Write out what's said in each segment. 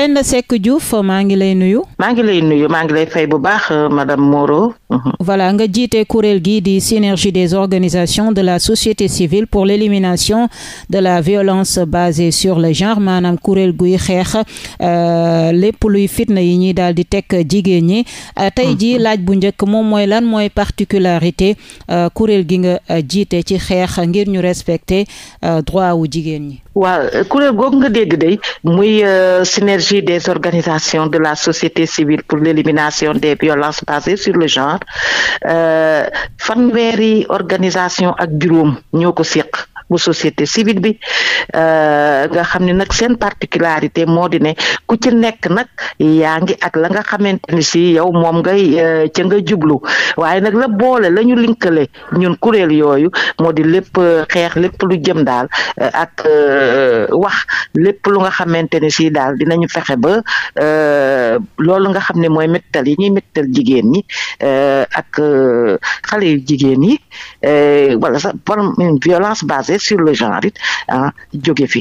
Penda Seck Diouf maa ngi lay nuyu. maa ngi lay nuyu maa ngi lay fay bu baax euh, madame moro mhm. voilà nga jiite kuréel gi di synergie des organisations de la société civile pour l'élimination de la violence basée sur le genre maanaam kuréel guy xeex euh, lépp luy fitna yi ñuy daal di teg jigéen ñi. Euh, tey ji mhm. laaj bu njëkk moom mooy lan mooy particularité kuréel gi nga jiite ci xeex ngir ñu respecté droit wu jigéen ñi. waaw euh, kuréel googu nga dégg day muy euh, synergie des organisations de la société civile pour l'élimination des violences basées sur le genre euh, fanweeri organisation ak juróom ñoo ko séq bu société civile bi euh, nga xam ne nag seen particularité moo di ne ku ci nekk nag yaa ngi ak la nga xamante ni si yow moom ngay euh, ca nga jublu waaye nag la boole la ñu linkale ñun kuréel yooyu moo di lépp euh, xeex lépp lu jëm daal ak wax lépp lu nga xamante ni si daal dinañu fexe ba loolu nga xam ne mooy méttal yi ñuy méttal jigéen ñi ak xale yu jigéen yi wala sax forme une violence basée sur le genre it ah jóge fi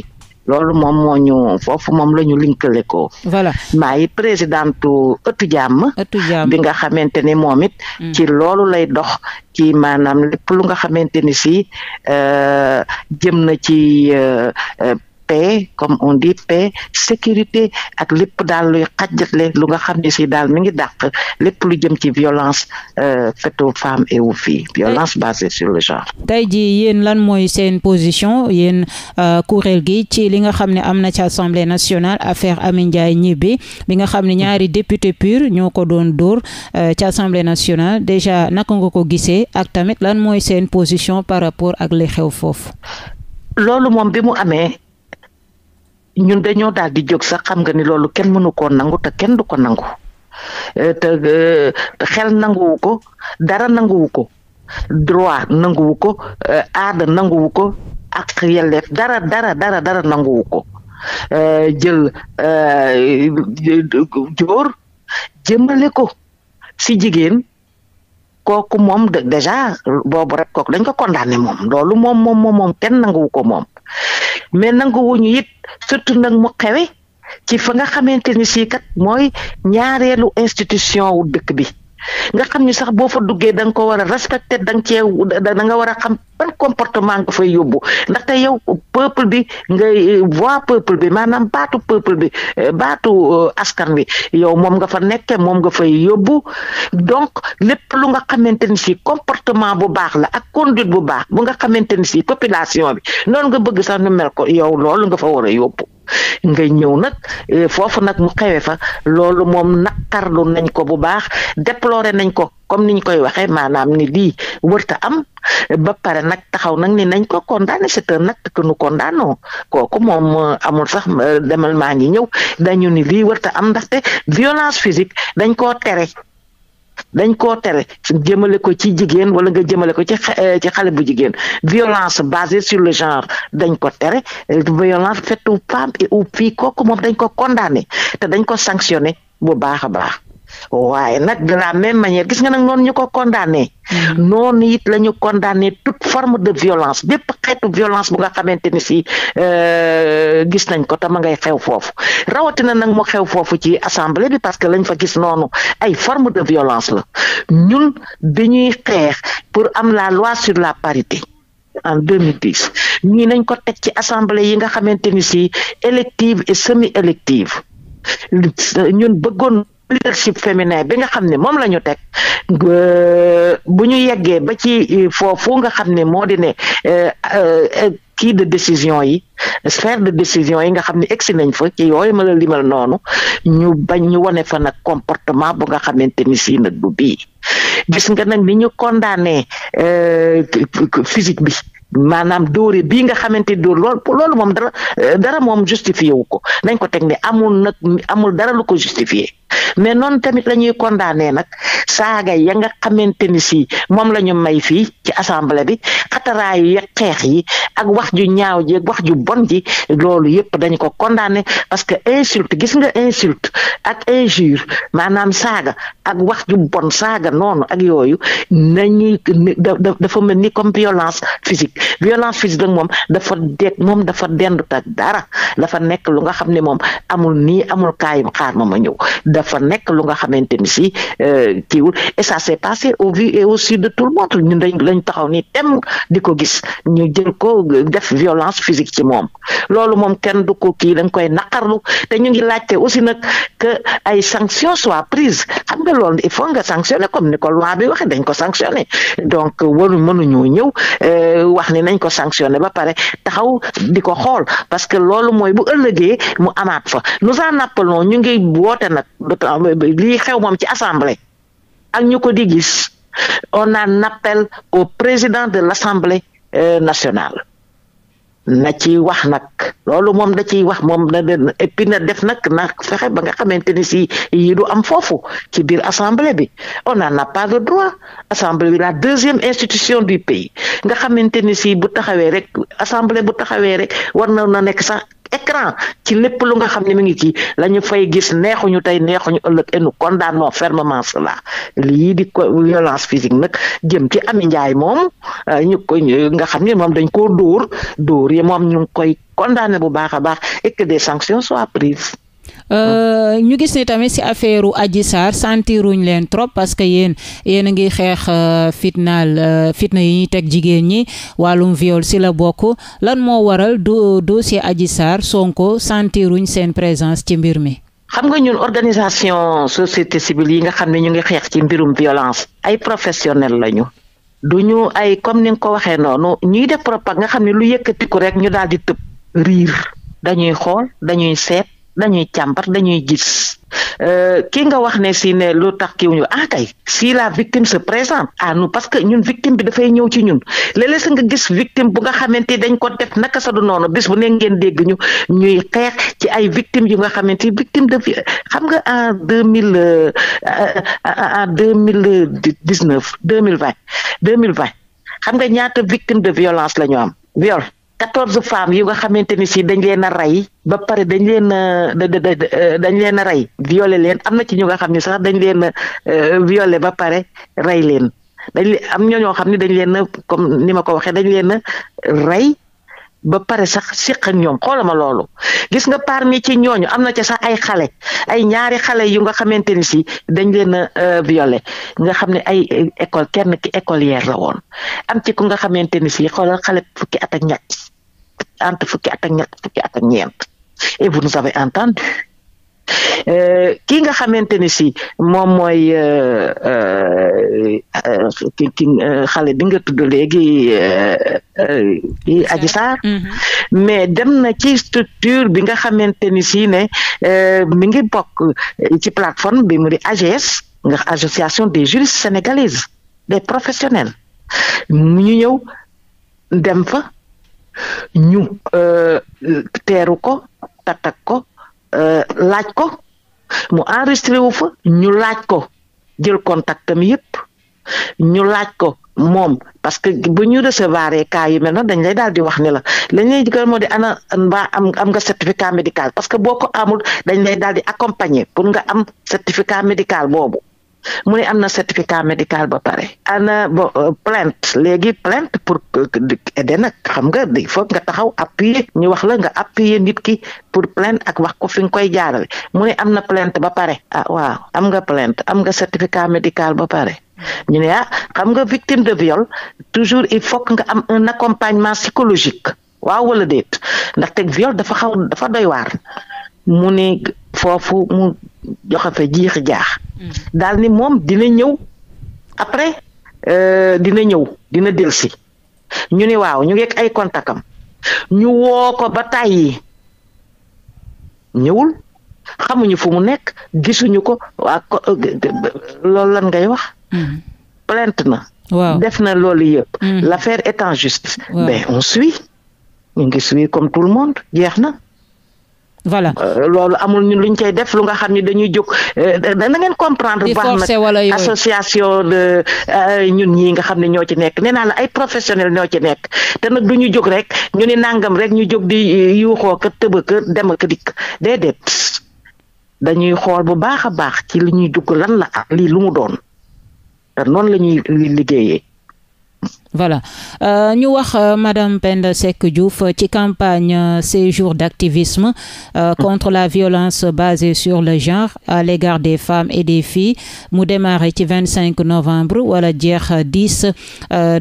loolu moom moo ñu foofu moom lañu ñu linkale ko. voilà maay présidentu ëttu jàmm. ëttu bi nga xamante ni moom it. Mm. ci loolu lay dox ci maanaam lépp lu nga xamante ni si euh, jëm na ci. Euh, euh, paix comme on dit paix sécurité ak lépp daal luy xajjatle lu nga xam ne si daal mi ngi dàq lépp lu jëm ci violence euh, faite aux femmes et aux filles violence basée sur le genre. tey jii yéen lan mooy seen position yéen euh, kuréel gi ci li nga xam ne am na ci assemblée nationale affaire Amy Ndiaye Gniby bi nga xam ne ñaari député pur ñoo ko doon dóor euh, ci assemblée nationale déjà naka nga ko gisee ak tamit lan mooy seen position par rapport ak li xew foofu. loolu ñun dañoo daal di jóg sax xam nga ni loolu kenn mënu koon nangu te kenn du ko nangu euh, te euh, xel nanguwu ko dara nanguwu ko droit nanguwu ko euh, aada nanguwu ko ak yelleef dara dara dara dara nanguwu ko jël jóor jëmale ko si jigéen kooku moom déjà boobu rek kooku dañ ko condamné moom loolu moom moom moom moom kenn nanguwu ko moom mais nangu wuñu it surtout nag mu xewe ci fa nga xamante ni sii kat mooy ñaareelu institution wu dëkk bi nga xam ni sax boo fa duggee da nga ko war a respecté da nga cee da nga war a xam ban comportement nga fay yóbbu ndaxte yow peuple bi ngay voix peuple bi maanaam baatu peuple bi eh, baatu euh, askan wi yow moom nga fa nekke moom nga fay yóbbu donc lépp lu nga xamante ni si comportement bu baax la ak conduite bu baax bu nga xamante ni si population bi noonu nga bëgg sax nu mel ko yow loolu nga fa war a yóbbu nga ñëw nag eh, foofu nag mu xewe fa loolu moom naqarlu nañ ko bu baax déploré nañ ko comme ni ñu koy waxee maanaam ni lii wërta am ba pare nag taxaw nag ni nañ ko condamné c'est un acte que nous condamnons kooku moom euh, amul sax euh, demal maa ngi ñëw dañu ni lii wërta am ndaxte violence physique dañ koo tere dañ ko tere jëmale ko ci jigéen wala nga jëmale ko ci euh, ci xale bu jigéen violence basée sur le genre dañ ko tere violence faite aux femmes et aux filles kooku moom dañ ko condamné te dañ ko sanctionné bu baax a baax waaye nag de la même manière gis nga nag noonu ñu ko condamné mm-hmm. noonu it la ñu condamné toute forme de violence bépp xeetu violence bu nga xamante ni si euh, gis nañ ko tama ngay xew foofu rawatina nag mu xew foofu ci assemblée bi parce que lañ fa gis noonu ay forme de violence la ñun bi ñuy xeex pour am la loi sur la parité en 2010 ñii nañ ko teg ci assemblée yi nga xamante ni si élective et ñun bëggoon leadership féminin bi nga xam ne moom la teg euh, bu ñu yeggee ba ci euh, foofu nga xam ne moo di ne euh, kii de décision yi sphère de décision yi nga xam ne egsi nañ fa ci yooyu ma la limal noonu ñu bañ ñu wane fa nag comportement bu nga xamante ni si nag bu bii gis nga nag ni ñu condamné physique bi maanaam dóore bii nga xamante dóor lool loolu moom dara dara moom justifié wu ko nañ ko teg ni amul nag amul dara lu ko justifié mais noonu tamit la ñuy condamné nag saaga ya nga xamante ni si moom la ñu may fii ci assemblée bi xataraayu ya xeex yi ak wax ju ñaaw jeeg wax ju bon ji loolu yëpp dañ ko condamné parce que insulte gis nga insulte ak injure maanaam saaga ak wax ju bon saaga noonu ak yooyu nañuy dafa mel ni comme violence physique violence physique moom dafa dégg moom dafa dendut ak dara dafa nekk lu nga xam ne moom amul nii amul kaayum xaar moom ma ñëw dafa nekk lu nga xamante ni si euh, kiiwul et ça s'est passé au vu et au de tout le monde ñun dañ taxaw ni tem di ko gis ñu jël ko def violence physique ci moom loolu moom kenn du ko kii dañ koy naqarlu te ñu ngi laajte aussi nag que ay sanctions soient prises xam nga loolu il faut nga sanctionner comme ni ko loi bi waxee dañ ko sanctionner donc waru mënuñu ñëw euh, wax ni nañ ko sanctionner ba pare taxaw di ko xool parce que loolu mooy bu ëllëgee mu amaat lii xew moom ci assemblée ak ñu ko di gis on a un appel au président de l'assemblée euh, nationale na ci wax nag loolu moom da ciy wax moom na et puis na def nag na fexe ba nga xamante ni si yi du am foofu ci biir assemblée bi on n'en a pas de droit assemblée bi la deuxième institution du pays nga xamante ni si bu taxawee rek assemblée bu taxawee rek war na na nekk sax écran ci lépp lu nga xam ne mi ngi ci lañu ñu fay gis neexuñu tey neexuñu ëllëg et nous condamnons fermement cela lii di ko violence physique nag jëm ci Ami Njaay moom euh, ñu koy nga xam ni moom dañ koo dóor dóor yi moom ñu ngi koy condamné bu baax a baax et que des sanctions soient prises Euh, ñu gis ni tamit si affaire u Adji Sarr sentiruñ leen trop parce que yéen yéen a ngi xeex euh, fitnaal euh, fitna yi ñu teg jigéen ñi wàllum viol si la bokk lan moo waral du dossier Adji Sarr Sonko sentiruñ seen présence ci mbir mi xam nga ñun organisation société civile yi nga xam ne ñu ngi xeex ci mbirum violence ay professionnel lañu ñu ay comme ni nga ko waxee noonu ñuy def propagande nga xam ne lu yëkkatiku rek ñu daal di tëb riir dañuy xool dañuy seet dañuy càmbar dañuy gis euh, ki nga wax ne si ne lu tax kiw ñu ah kay si la victime se présente ah non parce que ñun victime bi dafay ñëw ci ñun léeg-léeg sa nga gis victime bu nga xamante dañ ko def naka sadu noonu bis bu ne ngeen dégg ñu ñuy xeex ci ay victime yu nga xamante ni victime de xam nga en deux mille euh, en deux mille dix neuf deux mille vingt deux mille vingt xam nga ñaata victime de violence la ñu am viol quatorze femmes yu nga xamante ni si dañ leen a rey ba pare dañ leen a dañ leen rey violé leen am na ci ñu nga xam ne sax dañ leen a euh, ba pare rey leen dañ am ñoo ñoo xam ne dañ leen a comme ni ma ko waxee dañ leen a rey ba pare sax siq ñoom ñoom xoolama loolu gis nga parmi ci ñooñu am na ca sax ay xale ay ñaari xale yu nga xamante ni si dañ leen a euh, violé nga xam ne ay euh, école kenn ki écolière la woon am ci ku nga xamante ni si xoolal xale fukki at ak ñett entre fukki at ak ñett fukki ak ñeent et vous nous avez Euh, ki nga xamante ne si moom mooy euh, euh, ki xale bi nga tudd léegi kii Adji Sarr mhm. mais dem na ci structure bi nga xamante ni si ne mi ngi bokk ci plateforme bi mu di AGS nga association des juristes sénégalaises des professionnels ñu ñëw dem fa ñu teeru ko tatak ko Euh, laaj ko mu enregistré wu fa ñu laaj ko jël contact am yëpp ñu laaj ko moom parce que bu ñu recevoir cas yu mel na dañ lay daal di wax ne la lañ lay digal moo di ana mbaa am am nga certificat médical parce que boo ko amul dañ lay daal di accompagner pour nga am certificat médical boobu mu ne am na certificat médical ba pare ana bo euh, plainte léegi plainte pour aider nag xam nga il faut nga taxaw appuyer ñu wax la nga appuyer nit ki pour plainte ak wax ko fi nga koy jaarale mu ne am na plainte ba pare a ah, waaw am nga plainte am nga certificat médical ba pare ñu ne ah xam nga victime de viol toujours il faut nga am un accompagnement psychologique waaw wala déet teg viol dafa xaw dafa doy waar mu ne foofu mu joxe fa jiix jaax daal ni moom dina ñëw après euh, dina ñëw dina delsi ñu ni waaw ñu ngeeg ay kontakam ñu woo ko ba tàyyi ñëwul xamuñu fu mu nekk gisuñu ko waa euh, lan ngay wax mm-hmm. plainte na def na loolu yëpp mm-hmm. l'affaire est en justice mais on ngi suivre comme tout le monde jeex na voilà euh, loolu amul ñun luñ cay def lu nga xam ni dañuy jóg na euh, ngeen comprendre. di forcer wala yooyu baax association de euh, ñun ñii nga xam ne ñoo ci nekk nee naa la ay professionnels ñoo ci nekk te nag du ñu jóg rek ñu ni nàngam rek ñu jóg di yuuxoo ka tëba ka dem ka dikk déedéet dañuy xool bu baax a baax ci li ñuy dugg lan la lii lu mu doon te noonu la ñuy liggéeyee. voilà euh, ñu euh, wax madame Penda Seck euh, ci campagne ces euh, jours d'activisme euh, hmm. contre la violence basée sur le genre à l'égard des femmes et des filles mu démarré ci vingt cinq novembre wala jeex 10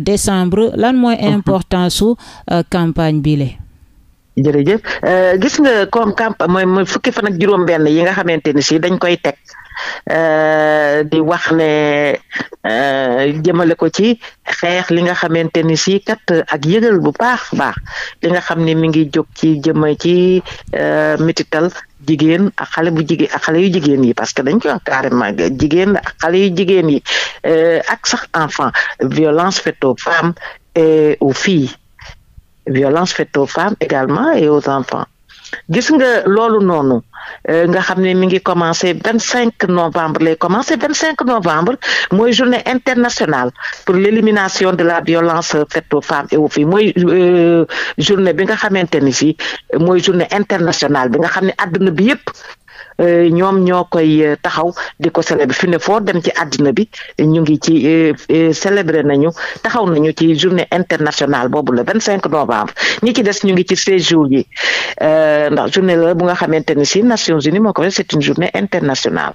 décembre lan mooy hmm. importance su campagne bile jërëjëf euh, gis nga comme camp mooy fukki fan ak juróom-benn yi nga xamante ni si dañ koy teg euh, di wax ne euh, jëmale ko ci xeex li nga xamante ni si kat ak yëgal bu baax baax li nga xam ni mi ngi jóg ci jëma ci mitital jigéen ak xale bu jigéen ak xale yu jigéen yi parce que dañ koy wax carrément jigéen ak xale yu jigéen yi ak sax enfant violence faite aux femmes et aux violence faite aux femmes également et aux enfants gis nga loolu noonu euh, nga xam ne mi ngi commencé vingt cinq novembre lay commencé vingt cinq novembre mooy journée internationale pour l'élimination de la violence faite aux femmes et aux mooy euh, journée bi nga xamante ni fii mooy journée internationale bi nga xam ne àdduna bi yëpp Euh, ñoom ñoo koy euh, taxaw di ko célébrer fi ne dem ci àddina bi ñu ngi ci euh, célébrer nañu taxaw nañu ci journée internationale boobu le vingt cinq novembre ñi ci des ñu ngi ci seize jours yi ndax journée la bu nga xamante ni si Nations Unies moo ko waxee c'est une journée internationale.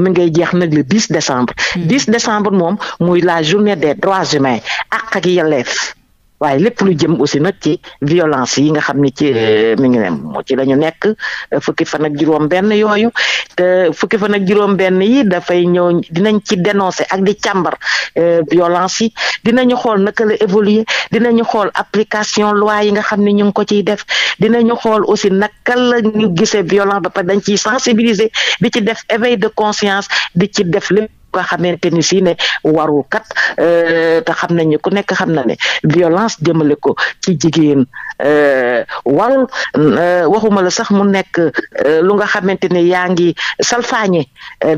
mi ngay jeex nag le 10 décembre. 10 hmm. décembre moom muy la journée des trois humains ak ak yelleef waaye lépp lu jëm aussi nag ci violence yi nga xam ni ci euh, mi ngi moo ci la ñu nekk euh, fukki fan ak juróom-benn yooyu te fukki fan ak juróom-benn yi dafay ñëw dinañ ci dénoncer ak di càmbar euh, violence yi dinañu xool naka la évoluer dinañu xool application loi yi nga xam ni ñu ngi ko ciy def dinañu xool aussi naka la ñu gisee violence ba pare dañ ciy sensibiliser di ci def éveil de conscience di ci def lépp. ko xamante ni si ne warul kat euh, te xam nañu ku nekk xam na ne violence jëmale ko ci jigéen euh, warul euh, waxuma la sax mu nekk lu nga xamante ne yaa ngi salfaañe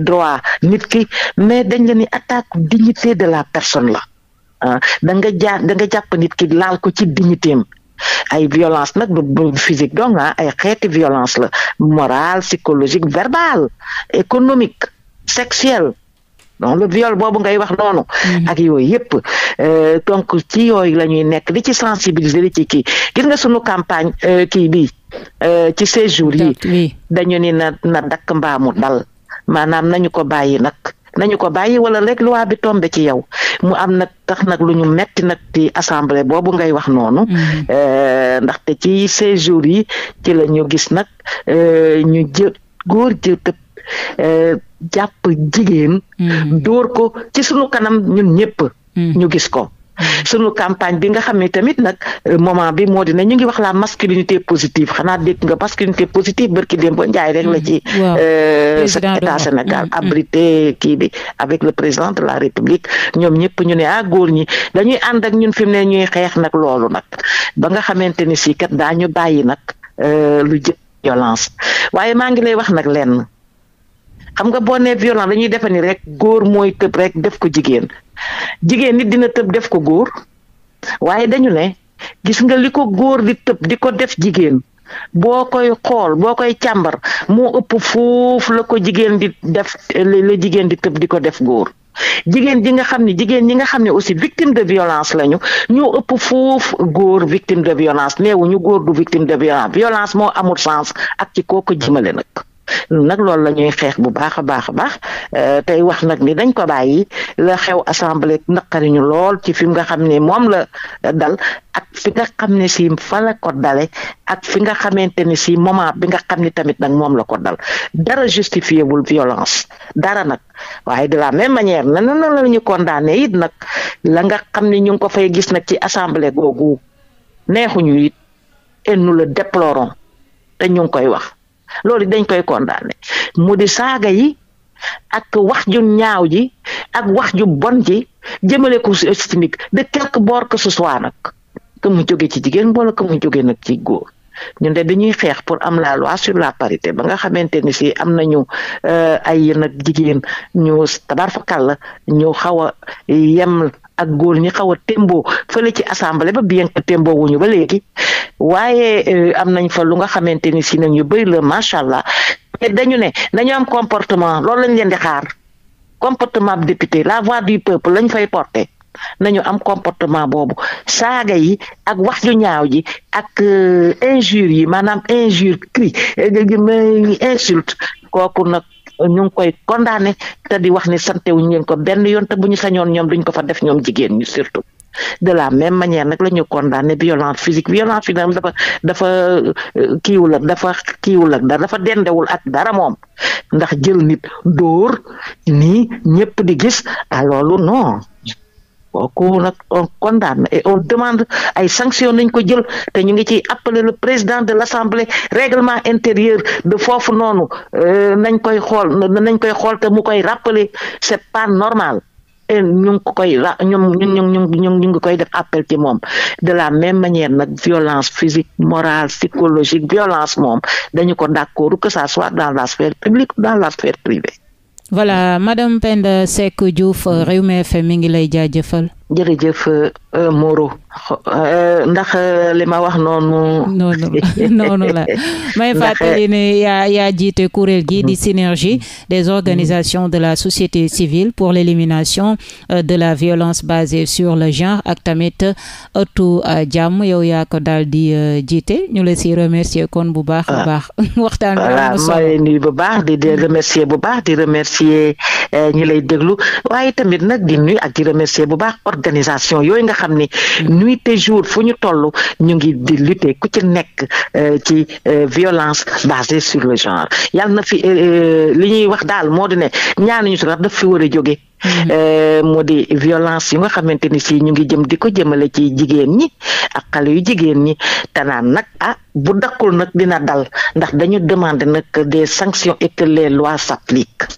droit nit ki mais dañ la ni attaque dignité de la personne la ah, da nga ja da nga jàpp nit ki laal ko ci dignitéem ay violence nag du physique donc ah ay xeeti violence la morale psychologique verbale économique sexuelle donc le viol boobu ngay wax noonu. Mm-hmm. ak yooyu yëpp euh, donc ci yooyu lañuy nekk di ci sensibiliser di ci kii gis nga sunu campagne euh, kii bii euh, ci ces jours yi dañu ni na na dakk mbaamu dal maanaam nañu ko bàyyi nag nañu ko bàyyi wala rek loi bi tombé ci yow mu am nag tax nag lu ñu metti nag ci assemblée boobu ngay wax noonu mm-hmm. ndaxte ci ces yi ci la ñu gis nag ñu jë góor jë tëb jàpp jigéen. Mm-hmm. dóor ko ci sunu kanam ñun ñëpp. Mm-hmm. ñu gis ko. Mm-hmm. sunu campagne bi nga xam ne tamit nag euh, moment bi moo dina ñu ngi wax la masculinité positive xanaa dégg nga masculinité positive barki démb Njaay rek la ci euh, état Sénégal abrité kii bi avec le président de la République ñoom ñëpp ñu ne ah góor ñi dañuy ànd ak ñun fi mu ne ñuy xeex nag loolu nag ba nga xamante ni si kat daañu bàyyi nag euh, lu jëm violence waaye maa ngi lay wax nag leen xam nga boo nee violent dañuy defe ni rek góor mooy tëb rek def ko jigéen jigéen nit dina tëb def ko góor waaye dañu ne gis nga li ko góor di tëb di ko def jigéen boo koy xool boo koy càmbar moo ëpp foofu la ko jigéen di def la jigéen di tëb di ko def góor jigéen ji nga xam ne jigéen ñi nga xam ne aussi victime de violence lañu ñoo ëpp foofu góor victime de violence néewu ñu góor du victime de violence violence moo amul sens ak ci koo ko jëmale nag nag loolu la ñuy xeex bu baax a baax a baax euh, tey wax nag ni dañ ko bàyyi la xew assemblée naqariñu lool ci fi nga xam ni moom la dal ak fi nga xam ne si fa la ko dale ak fi nga xamante ne si moment bi nga xam ni tamit nag moom la ko dal dara justifié wul violence dara nag waaye de la même manière na noonu la ñu condamné it nag la nga xam ne ñu ngi ko fay gis nag ci assemblée googu neexuñu it et nous le déplorons te ñu ngi koy wax loolu dañ koy condamné mu di saaga yi ak wax ju ñaaw ji ak wax ju bon ji jëmale ko systémique de quelque bord que ce soit nag que jóge ci jigéen wala que mu jóge nag ci góor ñun de ñuy xeex pour am la loi sur la parité ba nga xamante ni si am nañu euh, ay nag jigéen ñu tabarfakal la ñu xaw a yem ak góor ñi xaw a témboo fële ci assemblée ba bien que témboo wuñu ba léegi waaye euh, am nañ fa lu nga xamante ni si nag ñu bëri la macha allah dañu ne dañu am comportement loolu lañ leen di xaar comportement député la voix du peuple lañ fay porter nañu am comportement boobu saaga yi ak wax ju ñaaw ji ak euh, injure yi maanaam injure cri euh, insulte kooku nag ñu ngi koy condamné te di wax ne sante wuñ leen ko benn yoon te bu ñu sañoon ñoom duñ ko fa def ñoom jigéen ñi surtout de la même manière nag la ñu condamné violence physique violence physique nag dafa dafa euh, kiiwul ak dafa kiiwul ak dara dafa dendewul ak dara moom ndax jël nit dóor nii ñëpp di gis a ah loolu non kooku nag on condamne et on demande ay sanctions nañ ko jël te ñu ngi ciy appeler le président de l' réglement intérieur de foofu noonu euh, nañ koy xool nañ koy xool te mu koy rappeler c' est pas normal et ñu ngi koy ra ñoom ñu ñu ngi ñu ngi koy def appel ci moom de la même manière nag violence physique morale psychologique violence moom dañu ko d' accord que ça soit dans la sphère publique dans la sphère privée. voilà madame Penda Seck Diouf Rewmi FM mi ngi lay jaajëfal. jërëjëf euh, euh, Moreau ndax euh, li ma wax noonu. noonu noonu la may fàttali ne yaa yaa jiite kuréel gi di mm. synergie mm. des organisations de la société civile pour l'élimination de la violence basée sur le genre ak tamit ëttu jàmm yow yaa ko daal di jiite ñu la si remercier kon bu baax ah. waxtaan bi am solo nuyu bu baax di mm. remercier bu baax di remercier ñu lay déglu waaye tamit nag di nuyu ak di remercier bu baax. organisation yooyu nga xam ni nuit te jour fu ñu toll ñu ngi di lutter ku ci nekk euh, ci euh, violence basée sur le genre yàlla na fi euh, li ñuy wax daal moo di ne ñaanuñu si daf fi war a jóge mm-hmm. moo di violence yu nga xamante ni si ñu ngi jëm di ko jëmale ci jigéen ñi a xale yu jigéen ñi te naan nag ah bu dakkul nag dina dal ndax dañu demander nag des sanctions et que les lois s'appliquent